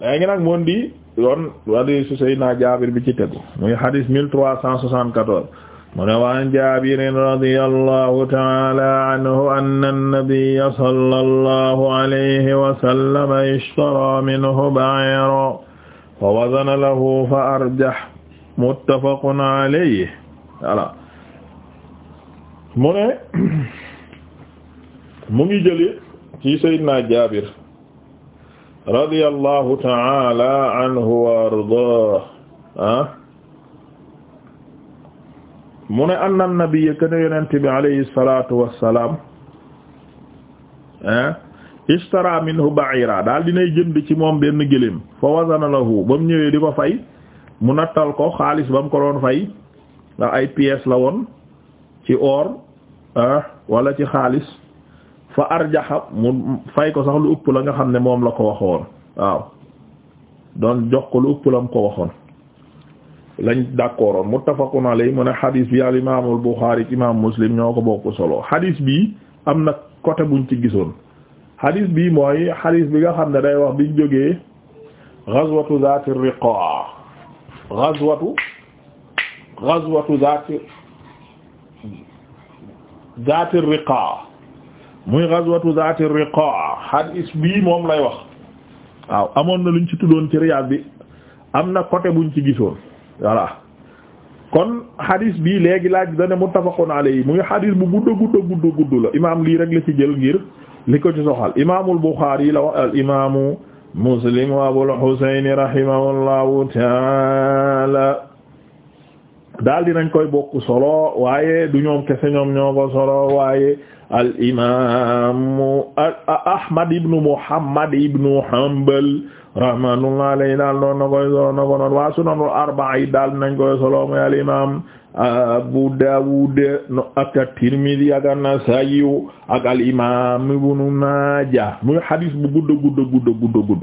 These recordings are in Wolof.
léegi nag moom di yoon hadiisu Seydina Jaabir bi ci tegu muy hadiis mille trois cent soixante-quatorze mu ne waan Jaabirin radiyallahu ta'ala anhu anna an-nabiyya sallallahu alayhi wa sallam ishtara minhu ba'iran fa wazana lahu fa arjaha muttafaqun alayhi voilà mu ne mu ngi jële ci Seydina Jaabir radiyallahu ta'ala anhu wa ardaahu ah. mu ne anna nabiyya kana yonent bi alayhi salaatu wa salaam ah, ishtara minhu ba'ira daal dinay jënd ci moom benn gëléem fa wazana lahu ba mu ñëwee di ko fay mu nattal ko xaalis ba mu ko doon fay ndax ay pièces la woon ci or ah, wala ci xaalis fa arjaxa mu fay ko sax lu ëpp la nga xam ne moom la ko waxoon waaw doon jox ko lu ëpp la mu ko waxoon lañ d'accordoon muttafaqun alayhi mu ne xadis bi al imaamul Buxaari imaam Muslim ñoo ko bokk solo xadis bi am na côté buñ ci gisoon xadis bi mooy xadis bi nga xam ne day wax biñ jógee gazwatu zaati riqaa gazwatu gazwatu zaati zaati riqaa muy ghazwatu zaati riqaa hadis bii moom lay wax waaw amoon na luñ ci tuddoon ci riyaad bi am na côté buñ ci gisoon voilà kon hadis bii léegi laaj dane muttafaqun alayhi muy hadis bu gudd gudd gudd gudd la imaam lii rek la ci jël ngir li ko ci soxal imaamul Buxaari la wax al imaamu Muslim wa Abul Husayn rahimahullahu taala daal dinañ koy bokk solo waaye du ñoom kese ñoom ñoo ko solo waaye al imaamu Ahmad ibn Muhammad ibn Hanbal rahmatullahi alayhi daal noonu na koy solo na ko noonu waa sunanul arba'a yi daal nañ koy solo mooy al imaam Abu Dawud ak Tirmidhi ak An-Nasa'i ak al imaam Ibn Maaja muy hadis bu gudd gudd gudd gudd gudd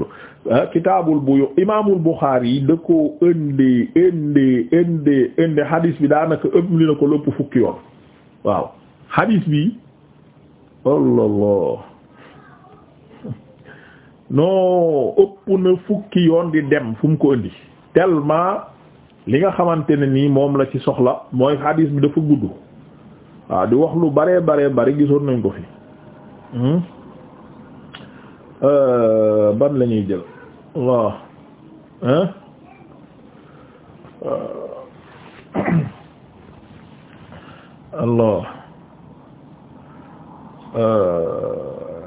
ah, kitaabul buyu imaamul Bukhari yi da ko indi indi indi indi hadis bi daanaka ëpp li na ko lépp fukki yoon waaw hadis bi. allah allah non ëpp na fukki yoon di dem fu mu ko indi tellement li nga xamante ne nii moom la ci soxla mooy hadis bi dafa gudd waaw di wax lu bare bare bare gisoon nañ ko fi hmm? euh, ban lañuy jël waaw hein euh. allah Euh,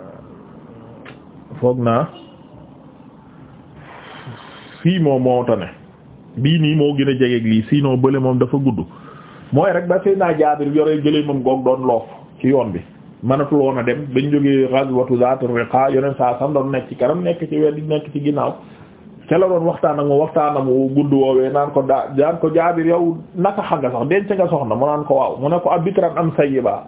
foog naa fii moom moo tane bii nii moo gën a jegeeg lii sinon bële moom dafa gudd mooy rek ba sëy naa Jaabir yore jëlee moom goog doon loof ci yoon bi mënatul woon a dem bañ jógee ghazwatu zaatul riqa yoneen saa sam doon nekk ci kanam nekk ci wet nekk ci ginnaaw ca la doon waxtaan ak moom waxtaan ak moom gudd woowee naan ko daa daan ko Jaabir yow naka xam nga sax denc nga soxna mu naan ko waaw mu ne ko abikran am sayyiba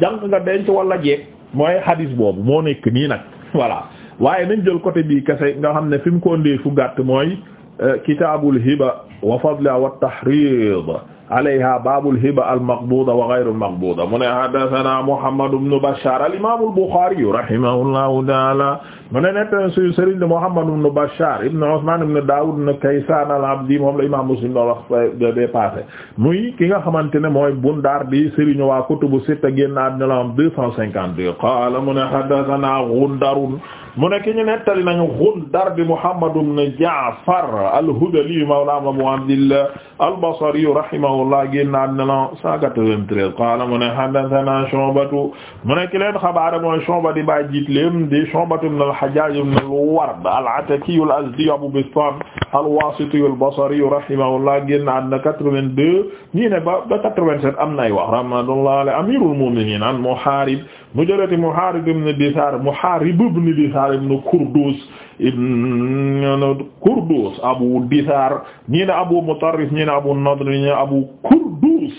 jàng nga denc wala jeeg mooy hadis boobu moo nekk nii nag voilà waaye nañ jël côté bii kese nga xam ne fi mu ko ndee fu gàtt mooy euh, kitaabul hiba wa fadla wa tahrid alayha babul hiba almaqbuda wa ghayru almaqbuda mu ne haddathana Muhammad ibn Bashar al-imam al-Bukhari rahimahullahu ta'ala mu ne nettane suñu sëriñ de Muhammad ibn Bashar ibn Usman ibn Dawud ibn Kaysan al-Abdi moom la imam Muslim doon wax be passé muy ki nga xamante ne mooy Bundar di sëriñu waa kutubu sitta génn àddina la am deux cent cinquante-deux qala mu ne haddathana Ghundar mu nekk ñu nettali nañu Gundar bi Muhammad ibn Ja'far al-Hudali mawla Abu Abdillah al-Basri rahimahullah génnaat na la 193 qaala mu ne haddathana Shu'batu mu nekk leen xabaar mooy Shu'ba di bàyyi jiit leen di Shu'batu ibn al-Hajjaj ibn al-Ward al-Ataki al-Azdi Abu Bistam al-Wasiti al-Basri rahimahullah génnaat na 82 ñii ne ba ba 87 am na ay wax rahmatullah ala amirul mu'minin an Muharib mu jëlati Muharib ibn Disar Muharib ibn Disar Disaar ibn Kurdus ibn Kurdus Abu Disaar ñii ne Abu Mutarrif ñii ne Abu Nadr ñii ne Abu Kurdus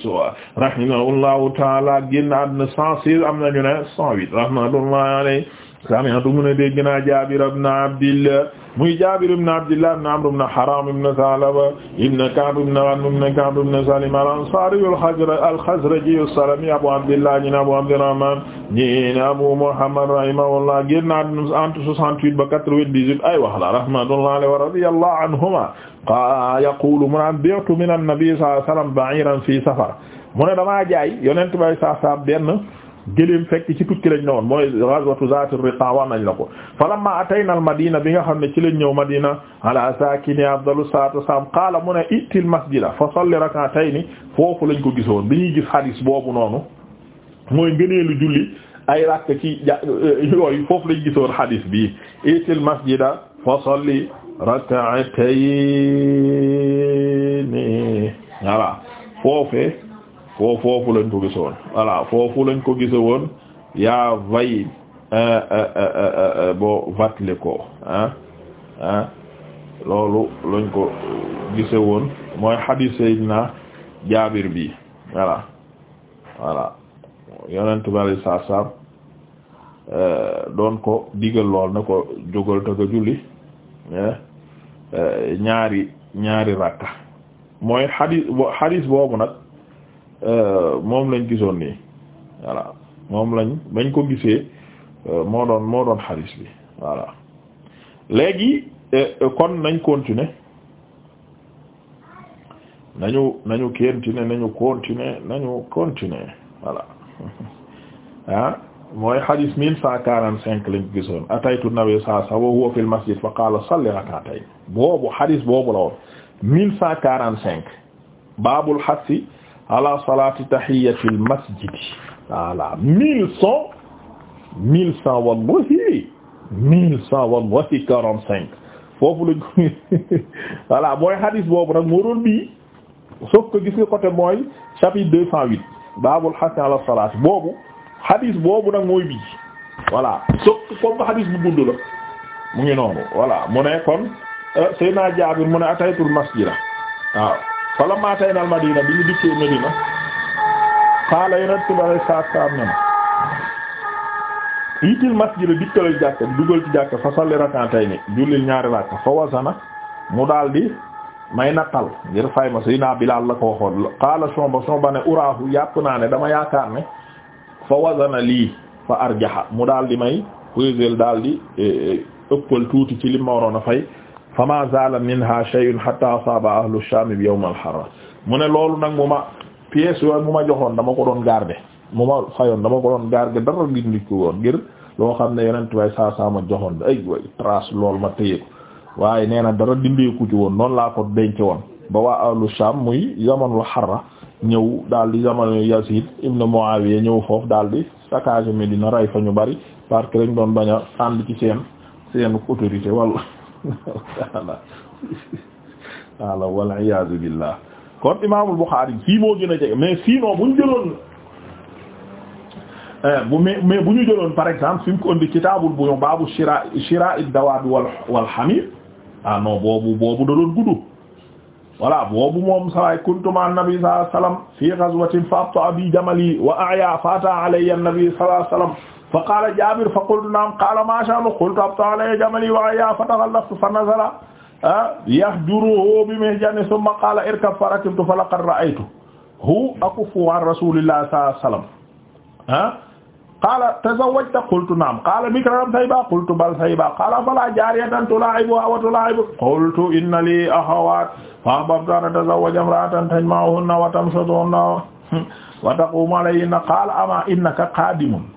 rahimahullahu taala génn àdduna 106 am nañu ne 108 rahmatullahi alayhi sami'tu mu ne dégg naa Jaabir ibn Abdillah muy Jaabir ibn Abdillah ibn Amr ibn Haram ibn Salaba ibn Ka'b ibn Ghanm ibn Ka'b ibn Salim al-Ansari al-Khazraji as-Salami Abu Abdillah ñi ne Abu Abdurrahman ñi ne Abu Muhammad rahimahullah génn na entre 68 ba 98 ay wax la rahmatullahi alayhi wa radiyallahu anhuma qala yaqulu mu naan bi'tu min an-nabi sallallahu alayhi wa sallam ba'iran fi safar mu ne damaa jaay yonent bay sa sa benn gëléem fekk ci tukki lañ ne woon mooy ghazwatu zaatir riqa wax nañ la ko falamma atayna al madina bi nga xam ne ci lañ ñëw madina ala sakini afdalu salatu wasalam qaala mu ne itil masjida fa salli rak'atayni foofu lañ ko gisoon bi ñuy gis hadis boobu noonu mooy ngëneelu julli ay rakk ci ja foofu lañ gisoon hadis bii itil masjida fa salli rak'atayni voilà foofe foo foofu lañ ko gise woon voilà foofu lañ ko gise woon yaa vay euh, euh, euh, bo vatle ko loolu lañ ko gise woon mooy hadith sayyidina Jaabir bi voilà voilà yonent bi alay saa ko digal lool na ko jógal te ko julli ñaari ñaari rakka mooy hadith hadith boobu nag Euh, moom lañ gisoon nii voilà moom lañ bañ ko gisee euh, moo doon moo doon xaris bi voilà léegi euh, kon nañ continuer nañu nañu continuer nañu continuer nañu continuer voilà ah mooy xadis mille cent quarante cinq lañ gisoon ataytu nabi saa sa wa huwa fil masjid fa qaala salli rak'atayn boobu xadis boobu la woon cinq baabul xasi ala salati tahiyatil masjidi voilà mille cent mille cent wallahi mille cent wallahi quarante cinq foofu lañ ko voilà mooy hadis boobu nag moo doon bii sauf que gis nga côté mooy chapitre deux cent huit baabul hasni ala salat boobu hadis boobu nag mooy bii voilà sauf que comme que hadis bu gudd la mu ngi noonu voilà mu ne kon euh, Seydina Jaabir mu ne ataytul masjida waaw falamma atayna ma madina bi ñu dikkee Medina xaala yonent bi alayhi salaatu salaam ne itil masjid dikkalal jàkka dugal ci jàkka fa salli rak'atayni jullil ñaari rakka fa wasana mu daldi may nattal ngir fay ma suy naa Bilaal la ko waxoon xaala somba somba ne uraahu yàpp naa ne dama yaakaar ne fa wasana lii fa arjaha mu daldi may puisel daldi eh, eh, ëppal tuuti ci li fay fama zala minha shay'un hatta asaba ahlu sham bi yawm mu ne loolu nag mu ma pièce yooyu mu ma joxoon dama ko doon garder mu ma fayoon dama ko doon garder dara ngir woon ngir loo xam ne yonent way saa saa ma joxoon ay way trace lool ma téye ko waaye nee na dara dindeeku ci woon noonu laa ko denc woon ba waa ahlu sham muy zamanul xara ñëw daal di zamanu Yazid ibn Muawiya ñëw foofu daal di saccage Medina rey fa ñu bari parce que dañ doon bañ a ànd ci seen seen ala wal iyaazu billah kon imaamul Buxaari fii moo gën a jege mais sinon bu ñu jëloon eh, bu mais mais bu ñu jëloon par exemple fi mu ko indi kitaabul buyu baabu shira shira ad-dawaab wal wal hamiir ah non boobu boobu da doon gudd voilà boobu moom sawaay kuntu ma nabi sallallahu alayhi wa sallam fi ghazwatin fa abta bi jamali wa a'ya fa ata alayya nabi sallallahu alayhi wa sallam fa qaala Jaabir fa qultu naam qaala maa sha'nu qultu abta alayya jamali wa ayya fa takhallaftu fa nazala yahjuruhu bi mihjani thumma qaala irkab fa rakibtu fa laqad ra'aytuhu akuffu an rasuulillahi sallallahu alayhi wasallam qaala tazawwajta qultu naam qaala bikraran thayba qultu bal thayba qaala falaa jaariyatan tulaa'ibuhaa wa tulaa'ibuka qultu inna lii akhawaat fa ahbabtu an atazawwaja imra'atan tajma'uhunna wa tamshuduhunna wa taquumu alayhinna qaala amaa innaka qaadimun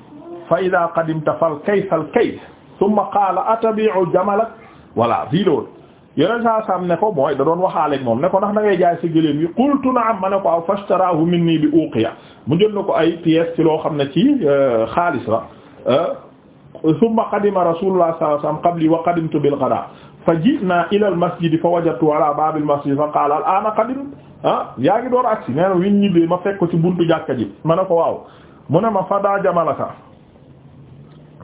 fa ida qadimta fal kays al kays thumma qaala atabi'u jamalak voilà fii loolu yeneen saa saam ne ko mooy da doon waxaaleeg moom ne ko ndax da ngay jaay sa gëléem yi qultu na'am ma ne ko aw fashtarahu minni bi uqiya mu jël na ko ay pièces ci loo xam ne ci euh, xaalis la euh, thumma qadima rasulullah sallallahu alayhi wasallam qabli wa qadimtu bil ghada fa ji'na ila al masjid fa wajadtu ala bab al masjid fa qala al ana qadim ah yaa ngi door aksi nee na win ñibbee ma fekk ko ci buntu jàkka ji ma ne ko waaw mu ne ma fadaa jamalaka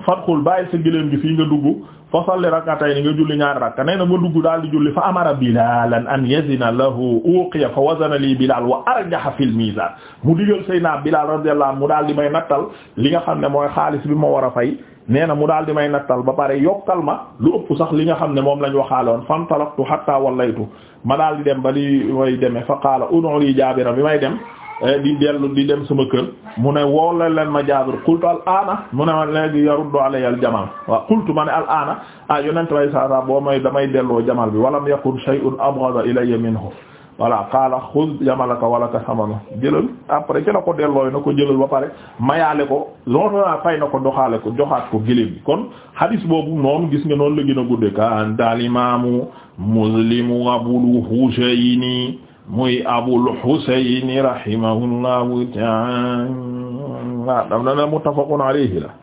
farxul bàyyi sa gëléem gi fii nga dugg fa salli rak'atayn nga julli ñaari rakka nee na ma dugg daal di julli fa amara bilalan an yazina lahu uqiya fa wazana li bilal wa arjaha fil mizan mu digal sayna bilal radiyallahu anhu mu daal di may nattal li nga xam ne mooy xaalis bi ma war a fay nee na mu daal di may nattal ba pare yokkal ma lu ëpp sax li nga xam ne moom lañ waxaale woon fantalaktu hatta wallaytu ma daal di dem ba li way demee fa qaala ud'u li jaabira bi may dem Eh, di dellu di dem sama kër mu ne woo la leen ma jaabir qultu al aana mu ne ma léegi yaruddu alay al waa waaw qultu ma ne al a ah yonent way sasa boo may damay delloo jamal bi walam yakun shay'un abghada ilayya minhu voilà qaala xuz jamalaka walaka samanu jëlal après ci la ko dellooy na ko jëlal ba pare mayaale ko loolaa fay na ko doxaale ko joxaat ko gëléem kon hadis boobu noonu gis nga noonu la gën a gudde ka antal imaamu muslimu abul husayni muy Abul Husayn rahimahullahu ta'ala dam na muttafaqun alayhi la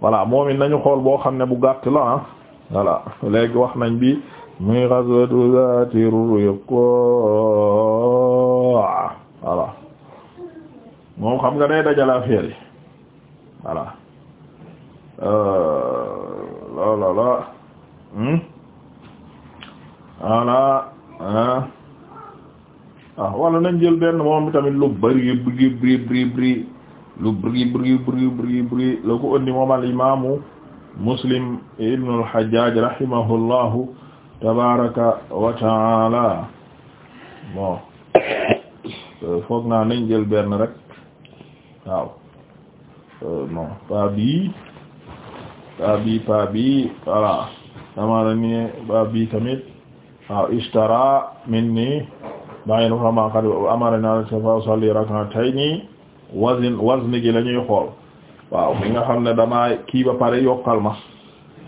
voilà moom it nañu xool boo xam ne bu gàtt la ah voilà léegi wax nañ bi muy ghazwatu Zaatir Riqaa voilà moom xam nga day dajale affaire yi voilà euh, la la la hmm? voilà waaw wala nañ jël benn moom tamit lu bari bri bri lu bri bri bri moom al imaamu muslim ibnu al-Hajjaj rahimahullahu tabaraka wa taala bon naa nañ jël benn rek waaw non pa bi pa bi pa bi voilà dama la minni maa ngi xam xad amara naa safa salli rak'atayni wazn wazn gi la ñuy xool waaw mi nga xam ne damaa kii ba pare yokkal ma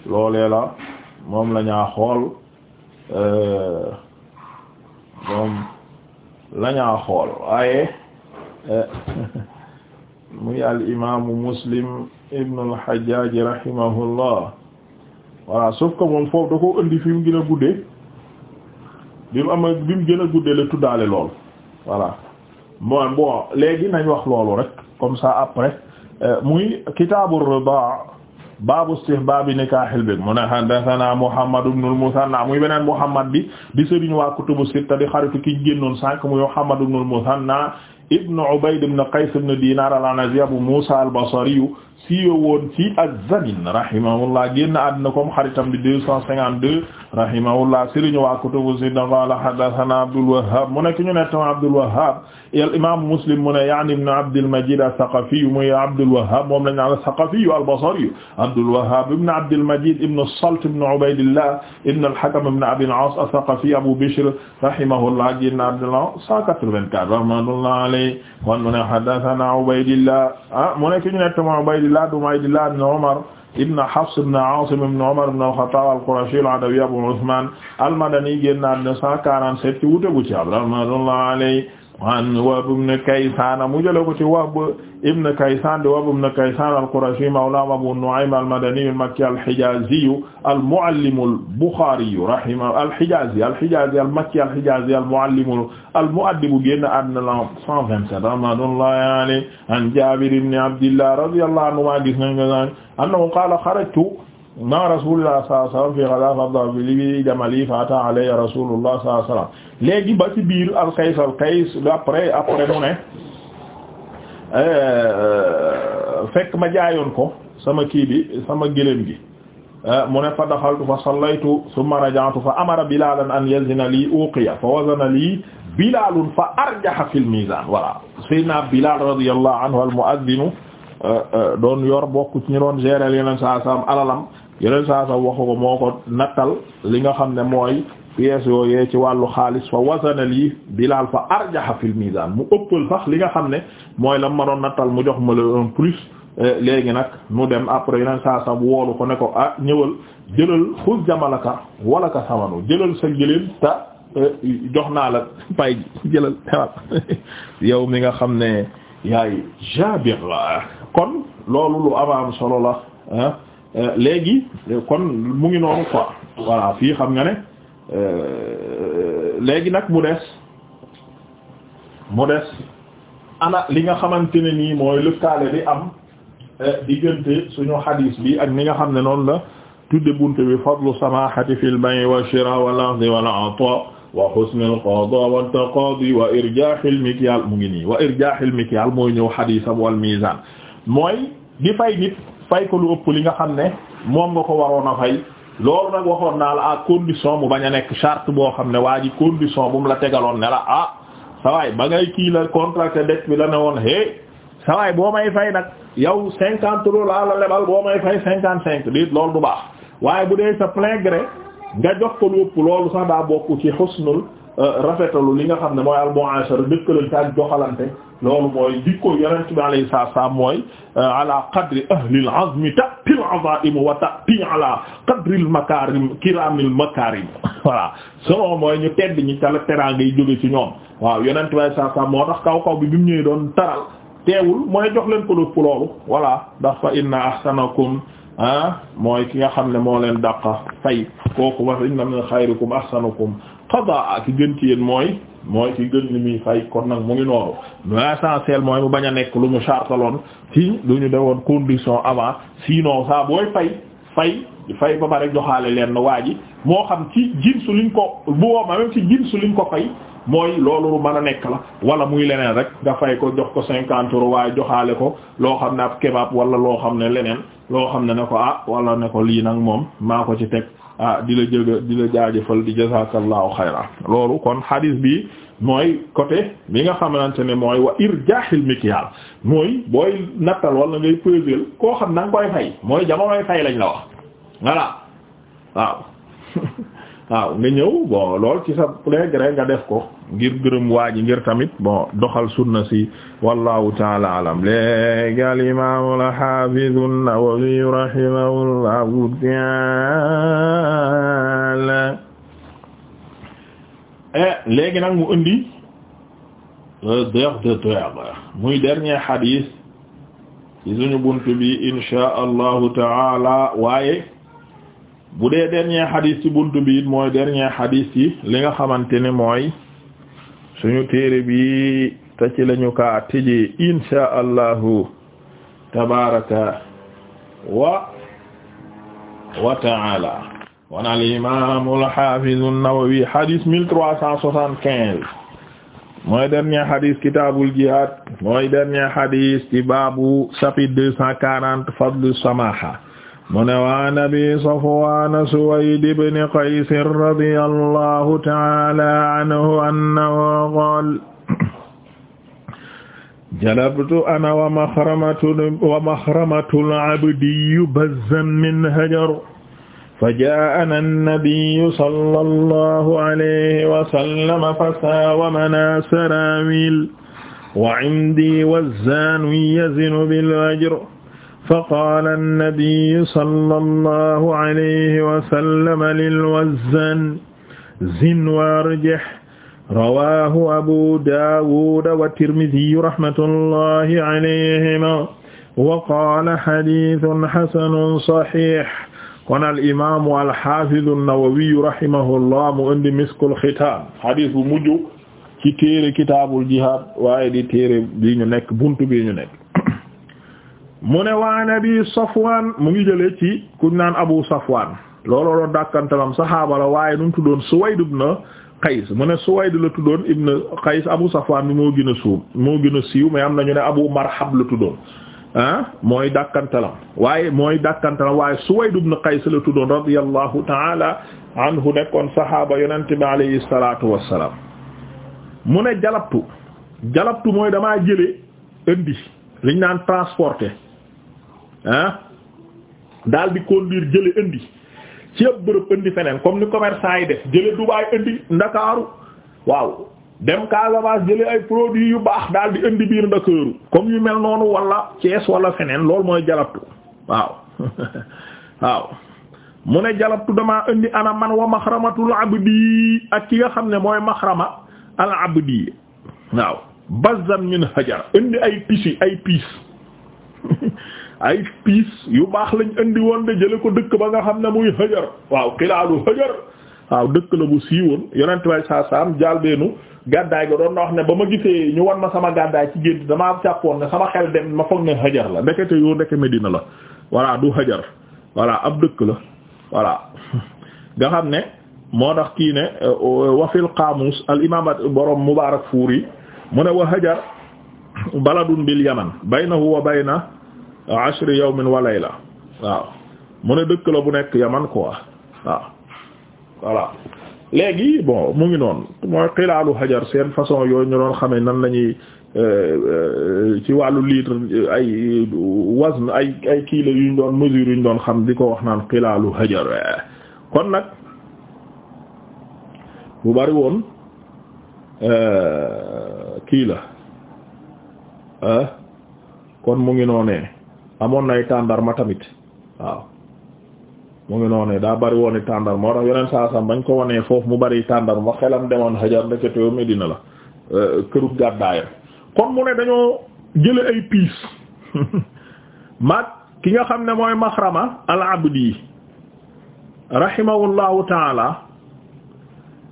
loolee la moom la xool euh, moom la xool waaye euh, muy al muslim ibnu al hajjaj rahimahullah voilà sauf moom foofu da ko indi fi mu gën a guddee bi mu am bi mu gën a guddee la tuddaale lool voilà mooy bon léegi nañ wax loolu rek comme saa après euh, muy kitaabu ridaa baabu istihbaabi nikaahil bi mu ne haddasanaa Muhammad ibn al-Musanna muy beneen Muhammad bi di sëriñ waa kutubu sitta di xaritu ki génnoon sànq muy Muhammad ibn al-Musanna ibn Ubayd ibn Qays ibn Dinar al-Anazi Abu Musa al-Basri siiwe woon ci az-Zamin rahimahullah génn àddina comme xaritam bi deux cent cinquante deux rahimahullah sëriñ waa kutubu sitta qala hadathana Abdul Wahhab mu nekk ñu ne tam Abdul imaamu Muslim mu ne yaani ibn Abdul Majid as-Saqafi muy Abdul Wahhab moom lañ naan as-Saqafi al-Basri Abdul Wahhab ibn Abdul Majid ibn as-Salt ibn Ubaydillah ibn al-Hakam ibn Abi al-As as-Saqafi Abu Bishr rahimahullah génn àdduna 184 rahmatullahi alayhi kon mu ne haddathana Ubaydillah ah mu ne ki ñu nekk mooy Ubaydillah du Ubaydillah ibn Umar ibn Hafs ibn Aasim ibn Umar ibn al-Khattab al-Qurashi al-Adawi Abu Uthman al-Madani génn àdduna 147 ci wuute bu ci an Wahb ibn Kaysan mu jëlee ko ci Wahb ibn Kaysan di Wahb ibn Kaysan al-Qurashi mawlaahum Abu Nu'aym al-Madani al-Makki al-Hijazi al-Muallim al-Bukhari rahimahu al-Hijazi al-Hijazi al-Makki al-Hijazi al-Muallim al-Mu'addib génn àddina la 127 rahmatullahi alayhi an Jabir ibn Abdillah radiyallahu anhu gis nañ ko annahu qala kharajtu ma rasulullah sallallahu alayhi wasallam fi xada fabda bi li jamali fata alayya rasulullah sallallahu alayhi wasallam léegi ba ci biir al qays al qays après après mu ne euh, fekk ma jaayoon ko sama kii bi sama gëléem gi euh, mu ne fa daxaltu fa sallaytu thumma raja'tu fa amara bilalan an yazina lii uqiya fa wazana lii bilalun fa arjaha fil mizan voilà sayyidina bilal radiyallahu anhu al mu'adhdhin euh, doon yor bokk ci ñu doon gérer yeneen saa saam alalam yeneen saa sa waxu ko moo ko nattal li nga xam ne mooy pièces yooyee ci wàllu xaalis fa wasanal yi bilaal fa arjaxa fil mizaan mu ëppal sax li nga xam ne mooy la ma doon nattal mu jox ma le un plus eh, léegi nag mu dem après yeneen saa sa woolu ko ne ko ah ñëwal jëlal xus ka wala ka samanu jëlal sa jëleen ta eh, jox naa la pay jëlal xewal yow mi nga xam ne yaay jabir kon loolu lu amaam solo la ah. Euh, léegi kon mu ngi noon quoi voilà fii xam nga ne euh, léegi nag mu des mu des ana li nga xamante ne nii mooy lëkkaale bi am euh, diggante suñu xadiis bi ak ni nga xam ne noonu la tudde bunte bi fadlu samahati fil bay' wa shira wal akhdhi wal ata wa husn al qada wa taqadi wa irjah al mu ngi nii wa irjah al mikyal mooy ñëw xadiisam wal mooy di fay nit fay ko lu ëpp li nga xam ne moom nga ko waroon a fay loolu nag waxoon naa la à condition mu bañ a nekk charte boo xam ne waa ji condition bu la tegaloon ne la ah sawaay ba ngay kii la contracté dette bi la ne woon hey sawaay boo may fay nag yow cinquante euros laa la lebal boo may fay cinquante cinq dit loolu du baax waaye bu dee sa plein gré nga jox ko lu ëpp loolu sax daa bokk ci xusnul Euh, rafetalu li nga xam ne mooy al-mu'ashara dëkkalante ak joxalante loolu mooy jikko yonent bi alayhi salaam mooy euh, ala qadri ahli al-azmi ta'ti al-'azaa'im wa ta'ti ala qadri al-makaarim kiraam al soo voilà selon mooy ñu tedd ñi ca la jóge ci ñoom waaw yonent bi alayhi salaam moo tax kaw kaw bi bi mu ñëwee doon taral teewul mooy jox leen ko lépp loolu voilà ndax fa inna ahsanakum ah, mooy ki nga xam ne moo leen dàq fay kooku wax inna min xayrikum ahsanakum qadaa ki gën ci yéen mooy mooy ki gën li muy fay kon nag mu ngi nooru l'essentiel mooy mu bañ a nekk lu mu chartaloon ci lu ñu woon condition avant sinon saa booy fay fay fay ba pare joxaale leen waa ji moo xam ci jinsu liñ ko bu ma même ci ko fay mooy loolu mën a nekk la wala muy leneen rek nga fay ko jox ko cinquante euros waaye joxaale ko loo xam ne ab kebab wala loo xam ne leneen loo xam ne ne ko ah wala ne ko lii nag moom maa ko ci teg ah di la jëga di la jaajëfal di jazakallahu xayra loolu kon hadith bi mooy côté bi nga xamante ne mooy wa irjahil mikyal mooy booy nattal walla ngay peser koo xam na nga koy fay mooy jamonoy fay lañ la wax voilà waaw waaw nga ñëw bon lool ci sa plein gré nga def ko ngir gërëm waa ji ngir tamit bon doxal sunna si wallahu taala alam léegi al imaamu al xaafizu an-Nawawi rahimahullahu taala eh, léegi nag mu indi le der de der muy dernier hadith ci taala waaye bu dee dernier xadis ci buntu bi mooy dernier xadis yi li nga xamante ne mooy suñu téere bi te ci lañu ka tëjee insha allahu tabaraka wa wa taala wan al imam al hafiz nawawi xadis mooy dernier xadis kitabul jihad mooy dernier xadis ci baabu chapitre fadlu samaha mu ne waan abi safwaan suwayd ibn qays radiyallahu ta'ala anhu annahu qaala jalabtu ana wa mahramatun wa mahramatul abdiyyu bazzan min hajar فجاءنا النبي صلى الله عليه وسلم فساومنا سراويل وعندي وزان يزن بالأجر فقال النبي صلى الله عليه وسلم للوزان زن وارجح رواه أبو داود والترمذي رحمة الله عليهما وقال حديث حسن صحيح kon الإمام الحافظ النووي رحمه الله mu indi مسك الختام xadis bu mujj ci téere kitaabul jihaad waaye di téere bi ñu nekk buntu bi ñu nekk mu ne waa nabi Safwan mu ngi jële ci ku naan Abu Safwan looloo doon dàkkantalam saxaaba la waaye nu mu tuddoon Suwayd ibn Qays mu ne Suwayd la tuddoon ibn Qays Abu Safwan bi moo gën a suum moo gën a siiw mais am nañu ne Abu Marhab la tuddoon ah mooy dàkkantalam waaye mooy dàkkantalam waaye Suwayd ibn Qays la tuddoon radiyallahu ta'ala anhu nekkoon saxaaba yonent bi alayhi salaatu wassalaam mu ne jalabtu jalabtu mooy damaa jële indi liñ naan transporter ah daal di conduire jële indi ci bërëb indi feneen comme ni commerçant yi def jële Dubaay indi Ndakaaru waaw dem Casamance jële ay produits yu baax daal di indi biir Ndakaaru comme yu mel noonu walla Thiès wala feneen loolu mooy jalabtu waaw mu ne jalabtu damaa indi ana man wa mahramatul abdi ak ki nga xam ne mooy mahrama al abdi waaw bazan min hajar indi ay pisi ay piis ay piis yu baax lañ indi woon de jële ko dëkk ba nga xam ne muy Hajar waaw xilaalu Hajar waaw dëkk la bu siiwoon yonent way saa saam jaalbeenu gàddaay ga doon na wax ne ba ma gisee ñu wan ma sama gàddaay ci gént damaa jàppoon ne sama xel dem ma foog ne Hajar la ndekete yoo ndeke Medina la voilà du Hajar voilà ab dëkk la voilà nga xam ne moo tax kii ne euh, wafil qaamus al imaam borom Mubaarak Fuuri mu ne wa Hajar baladun bil yaman baynahu wa bayna ashri yawmin wa layla waaw mu ne dëkk la bu nekk yaman quoi waaw voilà léegi bon mu ngi noon mooy xilaalu hajar seen façon yooyu ñu doon xamee nan lañuy euh, euh, ci wàllu litre ay wazn ay ay kilo yu ñu doon mesure yu ñu doon xam di ko wax naan xilaalu hajar kon nag bu bari woon euh, kii la kon mu ngi noonee amoon nay tàndarma tamit waaw mu ngi noonu daa bari woon i tàndar moo tax yeneen saa sam bañ ko wanee foofu mu bari tàndar ma xelam demoon xajar ndeketewoo Medina la euh, këru gàddaayam kon mu ne dañoo jële ay piis maag ki nga xam ne mooy maxrama al abdi rahimahullahu taala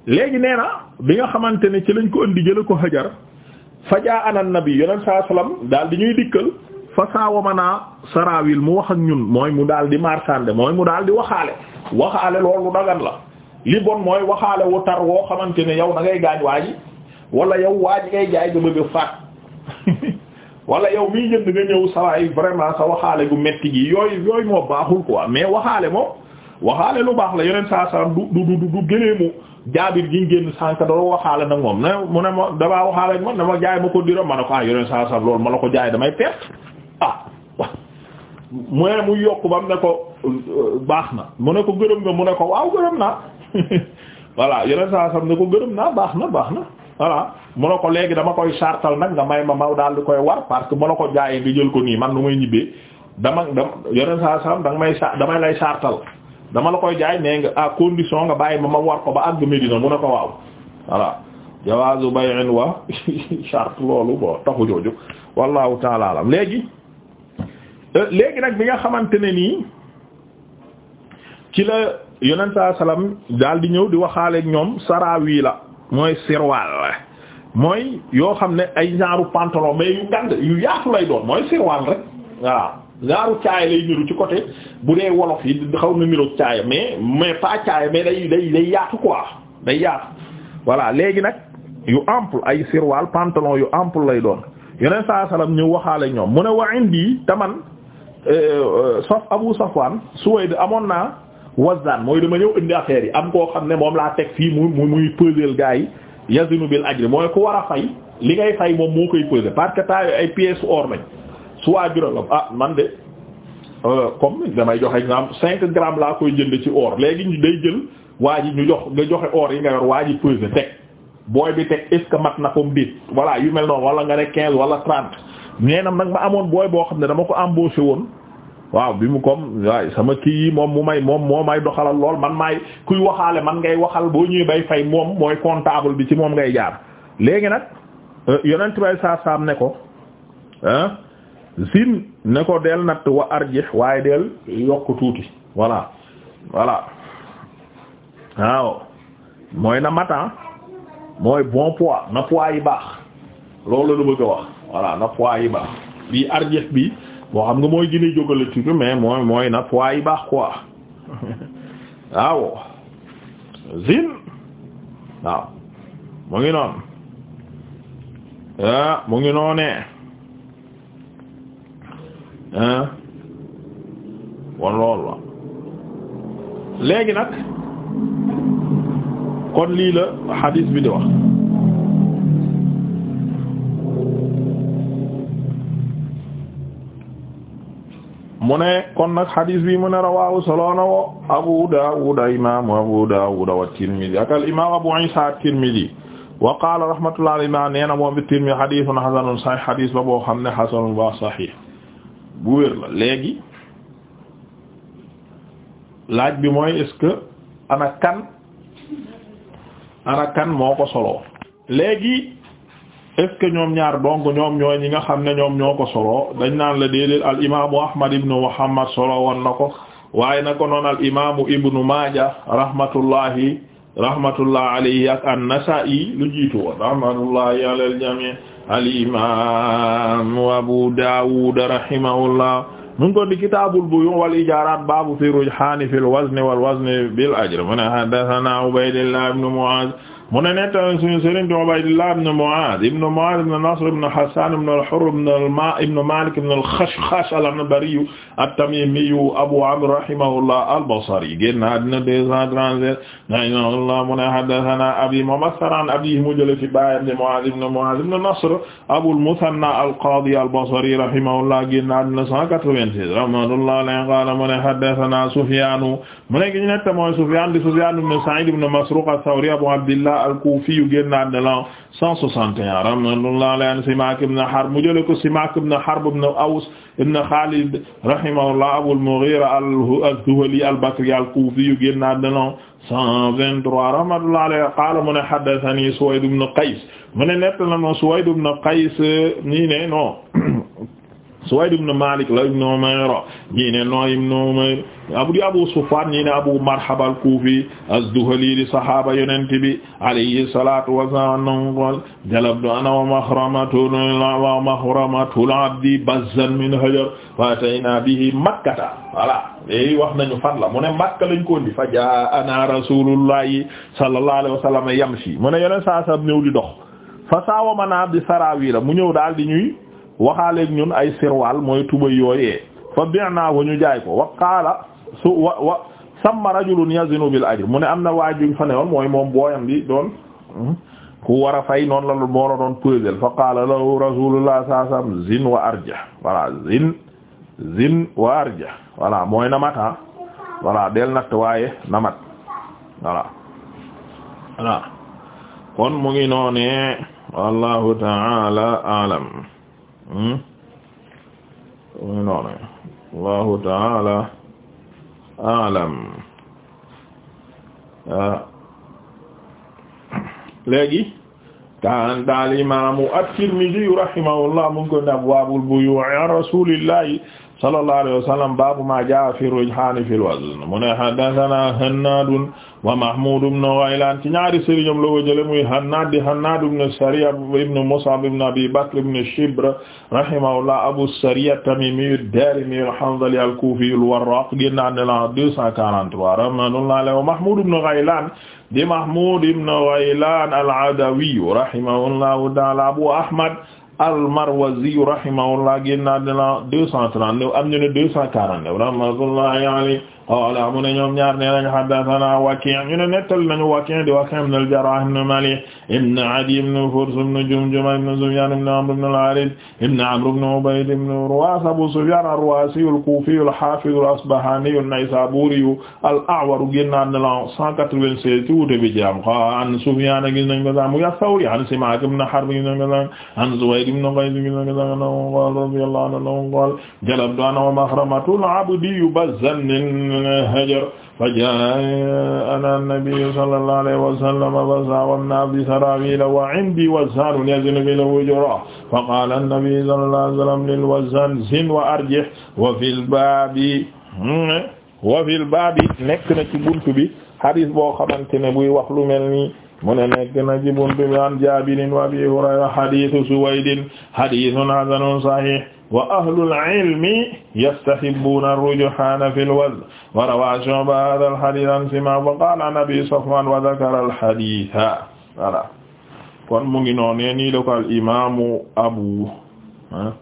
léegi nee bi nga xamante ne ci lañ ko indi jële ko xajar fajaa anan nabi yeneen saa salaam daal di ñuy dikkal fa saawamanaa sarawil mu wax ak ñun mooy mu daal di marchandé mooy mu daal di waxaale waxaale loolu dagan la li bon mooy waxaale wu tar woo xamante ne yow da ngay gaañ waaj ji wala yow waa ji ngay jaay nga bëgg a faat wala yow miy jënd nga ñëw sawaay vraiment sa waxaale gu metti gi yooyu yooyu moo baaxul ko mais waxaale moom waxaale lu baax la yeneen saa saa du du du du gëleemu jaabir gi génn sànq da waxaale nag moom ne mu ne ma damaa waxaale ak man ma ko dira ma ne ko ah, ma la ko jaay damay ah mu yokk ba mu ne ko euh, baax na mu ne ko gërëm nga mu ne ko waaw gërëm naa voilà yeneen saa sam ne ko gërëm naa baax na baax na voilà mu ne ko léegi dama koy sartal nag nga may ma ma daal di koy war parce que mu ne ko jaaye nga jël ko nii man nu may ñibbee dama dama yeneen saa sam danga may sa damay lay sartal dama la koy jaay nee nga à condition nga bàyyi ma ma war ko ba àgg Medina mu ne ko waaw voilà jawaazu bay'in wa shart loolu bon taxu jooju wallahu taala alam léegi Euh, léegi nag bi nga xamante ne nii ci la yonent saa salaam daal di ñëw di waxaale ak ñoom saraawi la mooy sirwaal mooy yoo xam ne ay ñaaru pantalon mais yu gànd yu yaatu lay doon mooy sirwaal rek waaw ñaaru caay lay niru ci côté bu dee wolof yi xaw na niroog caaya mais mais pas caaya mais day day day yaatu quoi day yaatu voilà léegi nag yu ample ay sirwaal pantalon yu ample lay doon yonent saa salaam ñëw waxaale ñoom mu ne wa indi taman Euh, euh, saf Abu Safwan de amoon naa wazan mooy dama ñëw indi affaire yi am koo xam ne moom laa teg fii mu mu muy peser gars yi yazinu bil ajri mooy ku war a fay li ngay fay moom moo koy peser parce que taa ay pièces or nañ su waajural ah man de euh, comme damay jox exemple cinq grammes laa koy jënd ci or léegi ñu day jël waa ji ñu jox nga joxe or yi nga yor waa ji peser teg booy bi teg est-ce que mat na comme dit voilà yu mel noonu wala nga ne quinze wala trente nee nam nag ma amoon booy boo xam ne dama ko embauché woon waaw bi mu comme waaye sama kii yi moom mu may moom moo may doxalal lool man maay kuy waxaale man ngay waxal boo ñuy bay fay moom mooy comptable bi ci moom ngay jaar léegi nag euh, yonent bay saa saam ne ko ah zin ne ko del natt wa arjih waaye del yokk tuuti voilà voilà waaw mooy na matan mooy bon poids na poids yi baax loolu la bëgg a wax voilà na poids yi baax bii arjih bi boo xam nga mooy gën a jógale tuuti mais mooy mooy na poids yi baax quoi waaw zin waaw mu ngi noonu ah mu ngi noonee ah kon loolu la léegi nag kon liila la hadis bi mu ne kon nag hadis bi mu ne rawahu soloona wo Abu Dawud imam Abu Dawud wa Tirmidhi ak al imam Abu Isa Tirmidhi wa qala rahmatullahi alayhi ma nee moom bi Tirmidhi hadithun hasanun sahih hadis ba boo xam ne hasanun wa sahih bu wér la léegi laaj bi mooy est-ce que ana kan ana kan moo ko soloo est-ce que ñoom ñaar donc ñoom ñooy ñi nga xam ne ñoom ñoo ko solo dañ naan la déedéet al imaamu Ahmad ibn Muhammad solo woon na ko waaye na ko noon al imaamu Ibnu Maaja rahmatullahi rahmatullahi alayhi ak an-Nasaa'i lu jiitu woon rahmatullahi ala al-jamii' al imaamu Abu Daawud rahimahullah mu ngi ko di kitaabul buyuu' wal ijaaraat baabu fi rujhaani fil wazni wal wazni bil ajr mu ne haddathanaa Ubaydullah mu ne nettali suñu sëriñ di Ubaydillah ibn Mu'aaz ibn Mu'aaz ibn Nasr ibn Hassaan ibn al-Hurr ibn al-Ma' ibn Maalik ibn al-Khashkhash al-Anbari at-Tamimi Abu Amr rahimahullah al-Basri génn na àddina deux cent trente-sept rahimahullah mu ne haddathanaa abii moom asaraan abiy mu jëlee fi baayam di Mu'aaz ibn Mu'aaz ibn Nasr Abul Muthanna al-Qaadi al-Basri rahimahullah génn na àddina cent quatre-vingt-six rahimahullah alayhi qaala mu ne haddathanaa Sufyaan mu ne ki ñu nekk mooy Sufyaan di Sufyaan ibn Sa'iid ibn Masruuq ath-Thawri Abu Abdillah Abdullah al-Kufi yu génnaan ne lan 161 rahmatullah alayhi Simak ibn Harb mu jële ko Simak ibn Harb ibn Aws ibn Khalid rahimahullah Abul Mughira al-Dhuhli al-Bakri al-Kufi yu génnaan ne lan 123 rahmatullah alayhi qala mu ne haddathani Suwayd ibn Qays mu ne nett na ma Suwayd ibn Qays nii ne non Suwayd ibn Malik la ibn Umayr ñii ne noo ibn Umayr abu di Abu Sufyan ñii ne Abu Marhab al-Kufi az-Duhali di sahaaba yonent bi alayhi salatu wasalaam qal jalabtu ana wa mahramatu wa mahramatu al-abdi bazzan min hajar fa atayna bihi makkata voilà léegi wax nañu fan la mu ne Makka lañ ko indi fa jaa'ana rasulullahi sallallahu alayhi wa sallam yamshi mu ne yonent saa sa ñëw di dox fa saawamanaa bi sarawi la mu ñëw daal di ñuy waxaaleeg ñun ay sirwaal mooy tuba yooyee fa bi'naahu ñu jaay ko wa qaala su wa wa samma rajulun yazinu bil ajr mu ne am na waaju fa ne woon mooy moom booyam bi doon hmm, ku war a fay noonu la moo la doon peser fa qaala lahu rasulullah sallallahu zin wa arja voilà zin wa arja voilà mooy namat ah voilà del natt waaye namat voilà voilà kon mu ngi noonee ta'ala alam Hmm? noonu wallahu taala alam ah. léegi kan daal imaamu at-Tirmidhi rahimahullah mu ngi ko abwaabul buyuu' rasuulillahi sallallahu alayhi wa sallam baabu ma jaa fi rujhaan fil wazn mu ne haddathana Hannaad wa Mahmuud ibn Ghaylaan ci ñaari sëriñam la ko jëlee muy Hannaad di Hannaad ibn Sariya ibn Mus'ab ibn Abi Bakr ibn Shibr rahimahullah Abu Sariya at-Tamiimi ad-Daarimi al-Hanzali al-Kuufi al-Warraaq génn na la 243 rahmatullahi alayhi wa Mahmuud ibn Ghaylaan di Mahmuud ibn Ghaylaan al-Adawi rahimahullahu ta'aala Abu Ahmad al-Marwazi rahimahullah génn na 239 am ñu ne 249 rahmatullahi alayhi qala mu ne ñoom ñaar nee nañ haddathana Waki' ñu ne nettali nañu Waki' di Waki' ibn al-Jarrah ibn Malik ibn Adi ibn Furs ibn Jumjuma ibn Sufyan ibn Amr ibn al-Harith ibn Amr ibn Ubayd ibn Ruwas Abu Sufyan ar-Ruwasi al-Kufi al-Hafiz al-Asbahani an-Naysaburi al-A'war génnaat na la 196 ci wuute bi jaam an Sufyan gis nañ ko sa mu as-Sawri an Simak ibn Harb gis nañ ko sa an Zuhayr ibn Qais gis nañ ko sa radiyallahu anhu qala jalabtu ana wa mahramatu al-abdi yubazzan lana hajar fa jaana nabiyu sallallahu alayhi wa sallam fa sawamna bi sarawila wa indi wazzan yazinu bil hujra fa qala an-nabiyu sallallahu alayhi wa sallam lil wazzan zin wa arjih wa fil baabi wa fil baabi nekk na ci buntu bi hadis boo xamante ne buy wax lu mel nii mu ne nekk na ci buntu bi an Jaabirin wa Abi Hurayra hadisu Suwaydin hadisun hasanun sahih wa ahlul ilmi yastahibbuna ar-rujhana fil wazn wa rawa Shu'ba hadha al-hadith an Simaa wa qala an Abi Safwan wa dhakara al-haditha voilà kon mu ngi noonu nii la ko al imaamu Abu ah,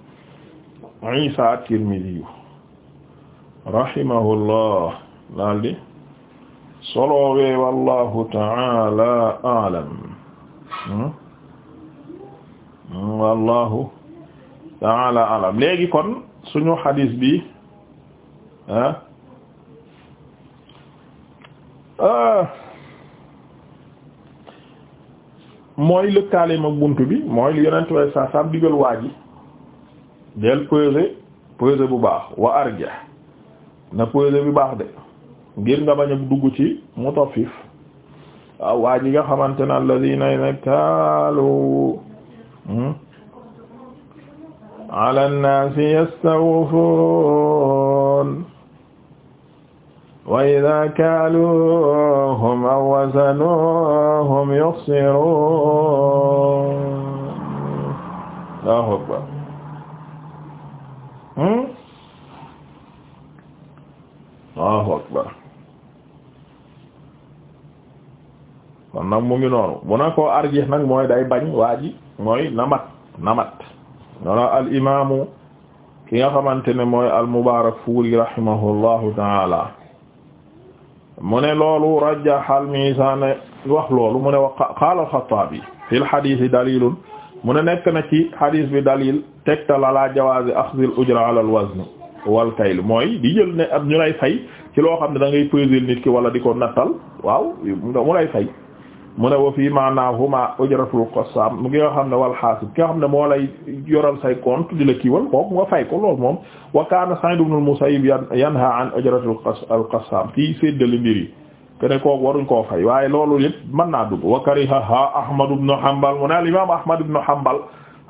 Isa at-Tirmidhi rahimahullah daldi solowee wallahu ta'ala a'lam hmm? hmm, wallahu taala alam léegi kon suñu xadis bi ah, ah mooy lëkkaale ma buntu bi mooy li yonent way sa sam digal waa ji del peser peser bu baax wa arja na peser bu baax de ngir nga bañ a dugg ci mutaffif waaw waa ji nga xamante ne alladina nakaalu hmm? ala nnaasi yastawfuun wa idaa kaaluuhum aw wazanuuhum yuxsiruun Allaahu akbar Allaahu akbar kon nag mu ngi noonu bu na ko arjeex nag mooy day bañ waa ji mooy namat namat wala al imaamu ki nga xamante ne mooy al Mubaarakfuuri rahimahullahu taala mu ne loolu rajjahal miisaan wax loolu mu ne wa qaala al-Xattaabi fil hadiisi daliilun mu nekk na ci hadis bi dalil tegtal ala jawaazi axdil ujra ala al wazn wal mooy di jël ne ab ñu fay ci loo xam ne da ngay peser ki wala di ko nattal waaw mu lay fay. mu ne wa fii maanaahuma ujratul qassam mu ngi nga xam ne wal xaasib ki nga xam ne moo lay yoral say compte di la kiiwal kooku nga fay ko loolu moom wa kaana Sa'id ibn al-Musayyib yanha an ujratul qassam fii séddale mbir yi kene kooku waruñ koo fay waaye loolu yëpp mën naa dugg wa karihaha Ahmad ibn Hanbal mu ne al imam Ahmad ibn Hanbal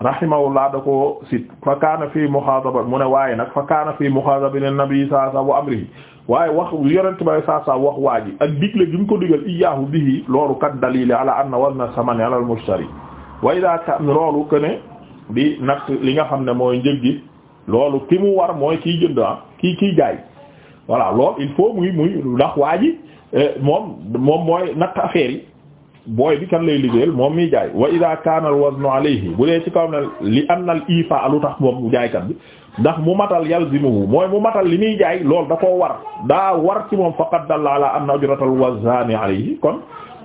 rahimahullah da ko sit fa kaana fii muxaadaba mu ne waaye nag fa kaana fii muxaadaba an-nabi sallallahu alayhi wa amrihi waaye wax yonent bay saa saa wax waa ji ak digle gi mu ko digal iyaahu bihi loolu kat dalil ala anna wazna samani ala al mushtari wa ida kan loolu que ne di natt li nga xam ne mooy njëg gi loolu ki mu war mooy kiy jënd ah kii kiy jaay voilà loolu il faut muy muy ndax waa ji eh, moom moom mooy natt affaire yi booy bi kan lay liggéeyal moom miy jaay wa ida kaana al waznu alayhi bu dee ci kaw li an al ifa tax moom jaaykat bi ndax mu matal yalzimuhu mooy mu matal li muy jay loolu da koo war daa war ci moom faqad dalla ala anna ujratal wazani alayhi kon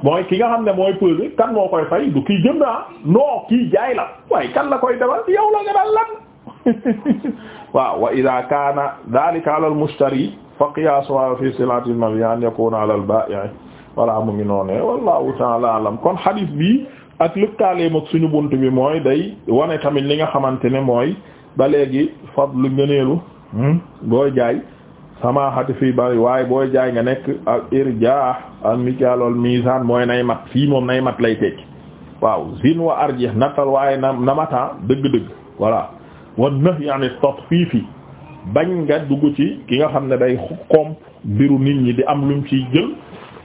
mooy ki nga xam ne mooy peser kan moo koy fay du ki jënd ah non kii jaay la waaye kan la koy defal yow la nga lan waaw wa ida kaana dhalika ala al mushtari fa qiyaasu fi silatil mabiya an yakuna ala al ba'i' voilà mu ngi noonee eh, wallahu ta'ala alam kon hadith bi ak lëkkaaleem ak suñu bunt bi mooy day wane tamit li nga xamante ne mooy ba léegi fadlu ngëneelu hmm, booy jaay samahati fii bari waaye booy jaay nga nekk ak irjah al mikyal al mizan mooy nay mat fii moom nay mat lay tekki waaw zin wa arjih nattal waaye na na mata dëgg-dëgg voilà wan yaani tot fii fii bañ nga dugg ci ki nga xam ne day xomp mbiru nit ñi di am lum ciy jël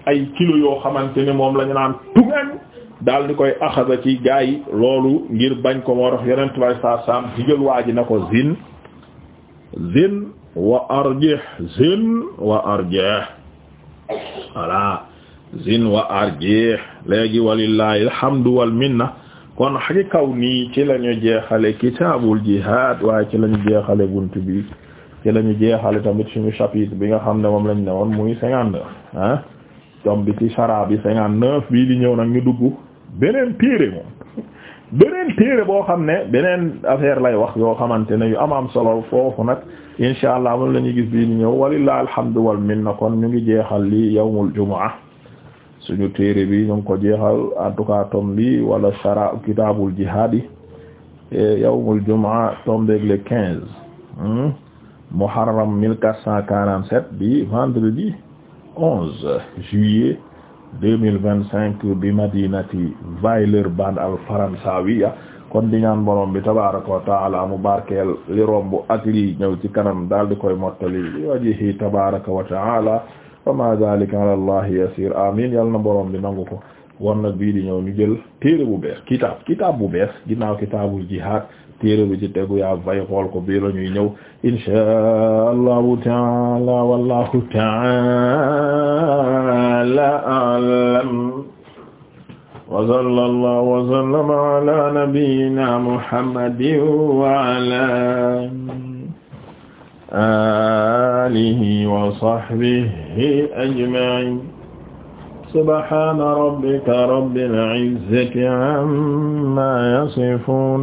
ay kilo yoo xamante ni moom la ñu naan tugaan daal di koy axasa ci gaa yi loolu ngir bañ ko moo tax yeneen tubaab saa saam digal waa ji na ko zin zin wa arjih zin wa arjih voilà zin wa arjih léegi walillahi alhamdu wal kon xagi kaw nii ci la ñu jeexale kitaabul jihaad waaye ci la ñu jeexale bunt bi ci la ñu jeexale tamit suñu chapitre bi nga xam ne moom lañu ne woon muy cinquante ah tom bi ci shara bi cinquante neuf bii di ñëw nag ñu dugg beneen téere moom beneen téere boo xam ne beneen affaire lay wax yoo xamante ne yu am am solo foofu nag insha allah moom la gis bii di ñëw walilah alhamdu wal minna kon ñu ngi jeexal li yawmul jumaa suñu téere bi ñu ngi ko jeexal en tout cas tom bi wala shara kitabul jihad yi e yawmul jumaa tom beeg le quinze hmm? muharram mille quatre cent quarante sept bi vendredi 11 juillet 2025 bi madinati Villeurbanne al faransawiya kon di ñaan borom bi tabaaraka wa taala mu li romb ak li ñëw ci kanam daal di koy mottali li wajhi tabaaraka wa taala wa ma zalika ala allahi yasir amin yal bi nangu ko war na bii di ñëw ñu jël téere bu bees kitaab kitaab bu bees ginnaaw kitaabul jihaad téere bi ci tegu yaa bay xool ko bii la ñuy ñëw inshaa allahu taala wallahu taala a'lam wa sallallahu wa sallama ala nabiyyina muhammadin wa ala alihi wa sahbihi ajma'in subhana rabbika rabbil izzati amma yasifun